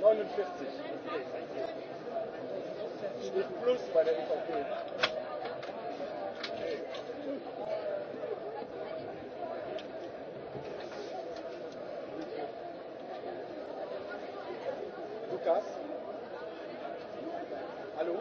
49. Steht Plus bei der EVP. Lukas? Hallo?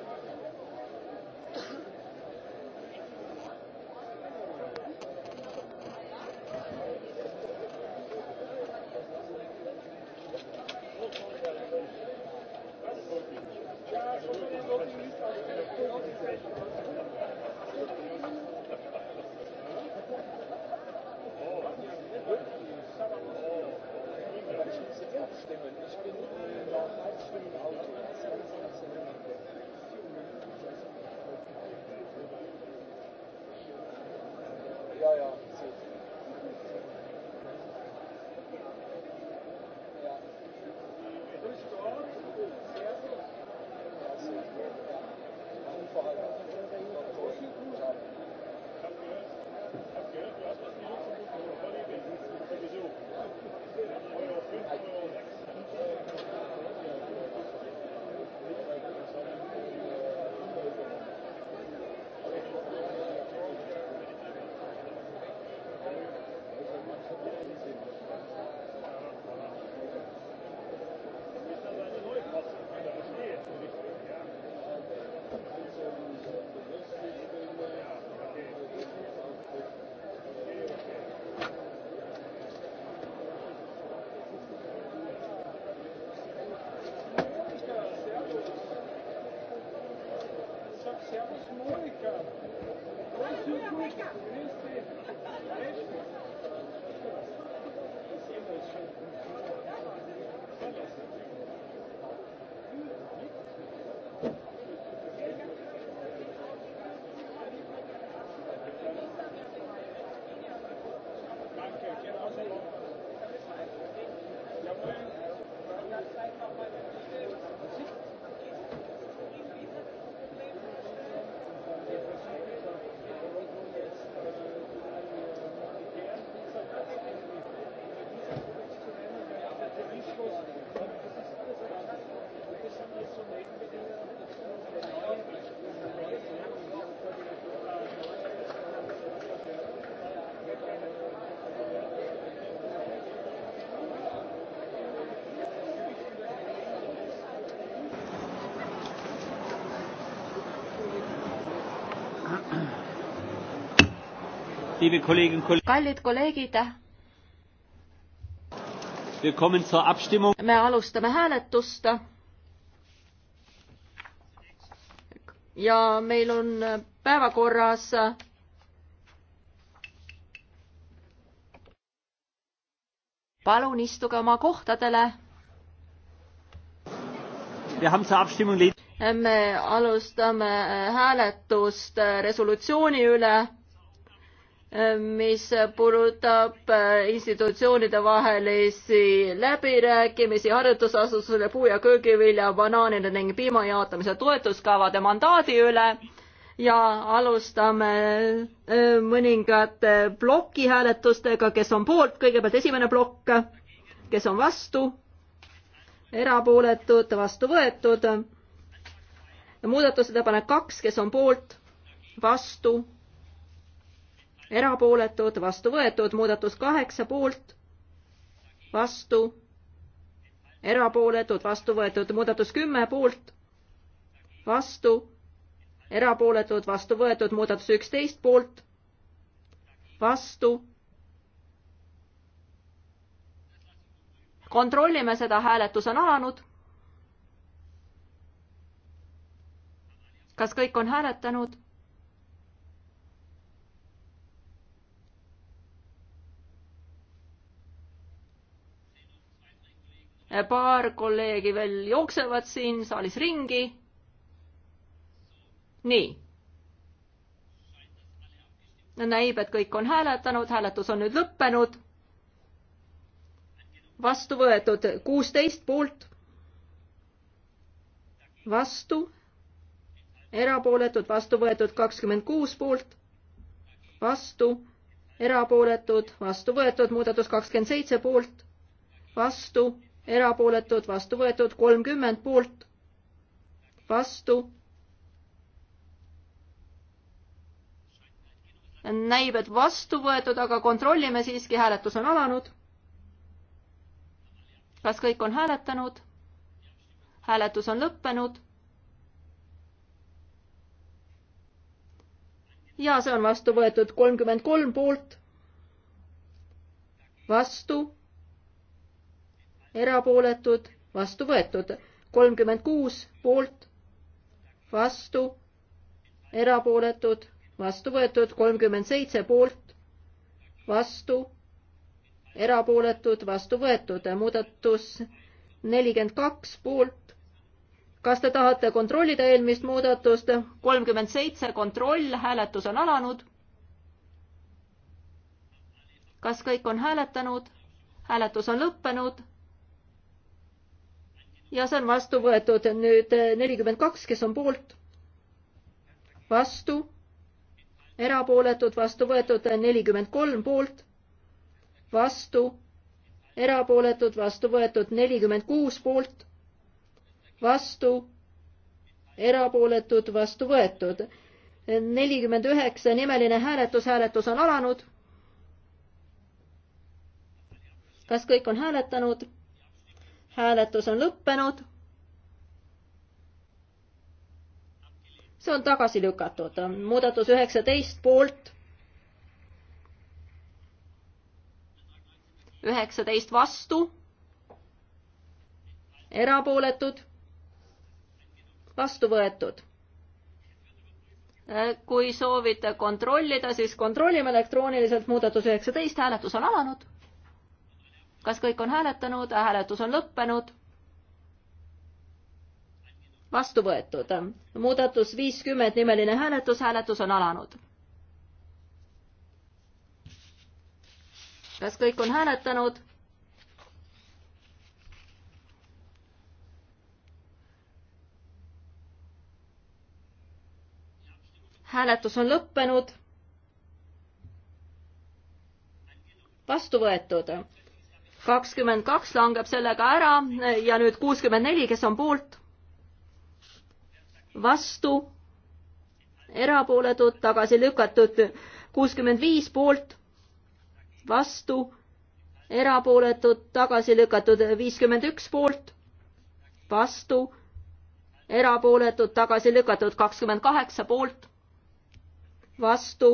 America. Where's your America? kallid kolleegid, me alustame hääletust. ja meil on päevakorras palun istuge oma kohtadele. me alustame hääletust resolutsiooni üle mis puudutab äh, institutsioonide vahelisi läbirääkimisi harjutusasutusele puu- ja köögivilja, banaanide ning piima jaotamise toetuskavade mandaadi üle ja alustame äh, mõningate plokihääletustega, kes on poolt, kõigepealt esimene plokk, kes on vastu, erapooletud, vastu võetud, muudatusettepanek kaks, kes on poolt, vastu erapooletud, vastu võetud, muudatus kaheksa poolt, vastu, erapooletud, vastu võetud, muudatus kümme poolt, vastu, erapooletud, vastu võetud, muudatus üksteist poolt, vastu. kontrollime seda, hääletus on alanud. kas kõik on hääletanud? paar kolleegi veel jooksevad siin saalis ringi. nii. näib, et kõik on hääletanud, hääletus on nüüd lõppenud. vastu võetud kuusteist poolt. vastu, erapooletud, vastu võetud kakskümmend kuus poolt. vastu, erapooletud, vastu võetud, muudatus kakskümmend seitse poolt. vastu erapooletud, vastu võetud, kolmkümmend poolt, vastu. näib, et vastu võetud, aga kontrollime siiski, hääletus on alanud. kas kõik on hääletanud? hääletus on lõppenud. ja see on vastu võetud kolmkümmend kolm poolt, vastu erapooletud, vastu võetud. kolmkümmend kuus poolt, vastu, erapooletud, vastu võetud. kolmkümmend seitse poolt, vastu, erapooletud, vastu võetud. muudatus nelikümmend kaks poolt. kas te tahate kontrollida eelmist muudatust? kolmkümmend seitse, kontroll, hääletus on alanud. kas kõik on hääletanud? hääletus on lõppenud ja see on vastu võetud nüüd eh, nelikümmend kaks, kes on poolt, vastu, erapooletud, vastu võetud nelikümmend kolm poolt, vastu, erapooletud, vastu võetud nelikümmend kuus poolt, vastu, erapooletud, vastu võetud. nelikümmend üheksa nimeline hääletus, hääletus on alanud. kas kõik on hääletanud? hääletus on lõppenud. see on tagasi lükatud, muudatus üheksateist poolt. üheksateist vastu. erapooletud. vastu võetud kui soovite kontrollida, siis kontrollime elektrooniliselt muudatus üheksateist, hääletus on alanud kas kõik on hääletanud, hääletus on lõppenud? vastu võetud. muudatus viiskümmend nimeline hääletus, hääletus on alanud. kas kõik on hääletanud? hääletus on lõppenud. vastu võetud kakskümmend kaks langeb sellega ära ja nüüd kuuskümmend neli, kes on poolt, vastu, erapooletud, tagasi lükatud, kuuskümmend viis poolt, vastu, erapooletud, tagasi lükatud, viiskümmend üks poolt, vastu, erapooletud, tagasi lükatud, kakskümmend kaheksa poolt, vastu,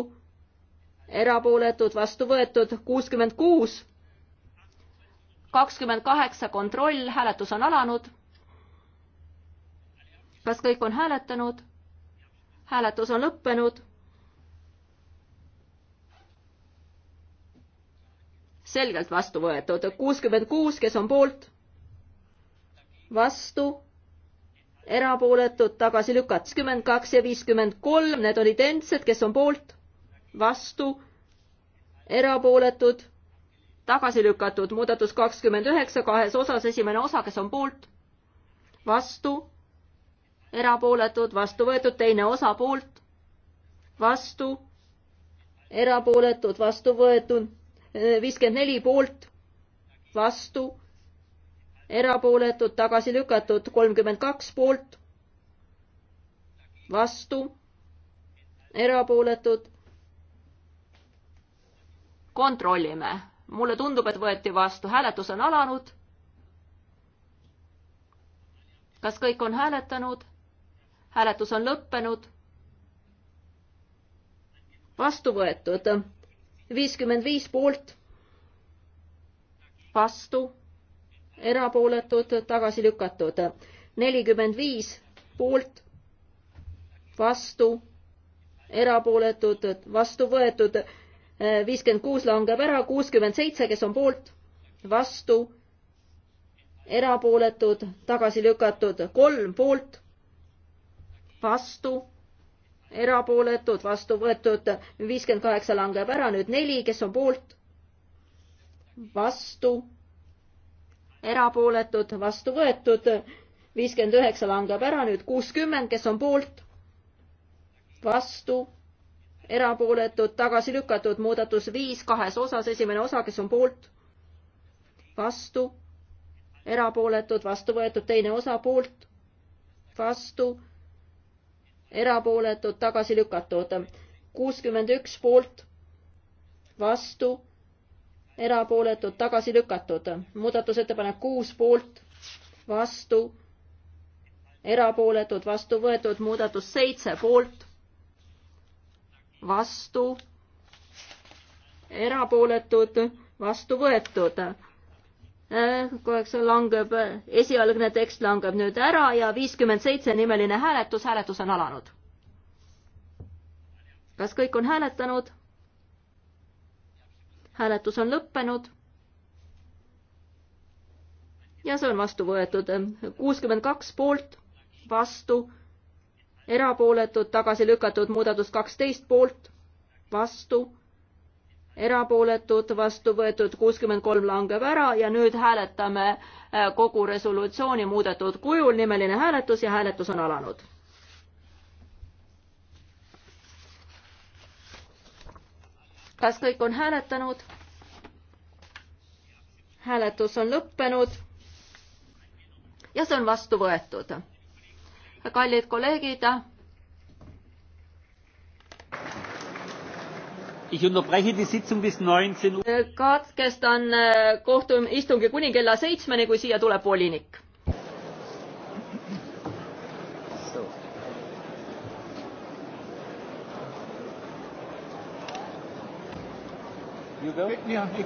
erapooletud, vastu võetud, kuuskümmend kuus kakskümmend kaheksa kontroll, hääletus on alanud. kas kõik on hääletanud? hääletus on lõppenud. selgelt vastu võetud, kuuskümmend kuus, kes on poolt, vastu, erapooletud, tagasi lükatud, kümmend kaks ja viiskümmend kolm, need on identsed, kes on poolt, vastu, erapooletud tagasi lükatud muudatus kakskümmend üheksa kahes osas, esimene osa, kes on poolt, vastu, erapooletud, vastu võetud, teine osa poolt, vastu, erapooletud, vastu võetud, viiskümmend neli poolt, vastu, erapooletud, tagasi lükatud, kolmkümmend kaks poolt, vastu, erapooletud. kontrollime mulle tundub, et võeti vastu, hääletus on alanud. kas kõik on hääletanud? hääletus on lõppenud. vastu võetud viiskümmend viis poolt, vastu, erapooletud, tagasi lükatud, nelikümmend viis poolt, vastu, erapooletud, vastu võetud viiskümmend kuus langeb ära, kuuskümmend seitse, kes on poolt, vastu, erapooletud, tagasi lükatud, kolm poolt, vastu, erapooletud, vastu võetud, viiskümmend kaheksa langeb ära, nüüd neli, kes on poolt, vastu, erapooletud, vastu võetud, viiskümmend üheksa langeb ära, nüüd kuuskümmend, kes on poolt, vastu erapooletud, tagasi lükatud, muudatus viis kahes osas, esimene osa, kes on poolt, vastu, erapooletud, vastu võetud, teine osa poolt, vastu, erapooletud, tagasi lükatud, kuuskümmend üks poolt, vastu, erapooletud, tagasi lükatud, muudatusettepanek kuus poolt, vastu, erapooletud, vastu võetud, muudatus seitse poolt, vastu, erapooletud, vastu võetud. Äh, kogu see langeb, esialgne tekst langeb nüüd ära ja viiskümmend seitse nimeline hääletus, hääletus on alanud. kas kõik on hääletanud? hääletus on lõppenud. ja see on vastu võetud, kuuskümmend kaks poolt, vastu erapooletud, tagasi lükatud, muudatus kaksteist poolt, vastu, erapooletud, vastu võetud, kuuskümmend kolm langeb ära ja nüüd hääletame äh, kogu resolutsiooni muudetud kujul, nimeline hääletus ja hääletus on alanud. kas kõik on hääletanud? hääletus on lõppenud ja see on vastu võetud kallid kolleegid. katkestan äh, kohtu-, istungi kuni kella seitsmeni, kui siia tuleb volinik You go? Yeah.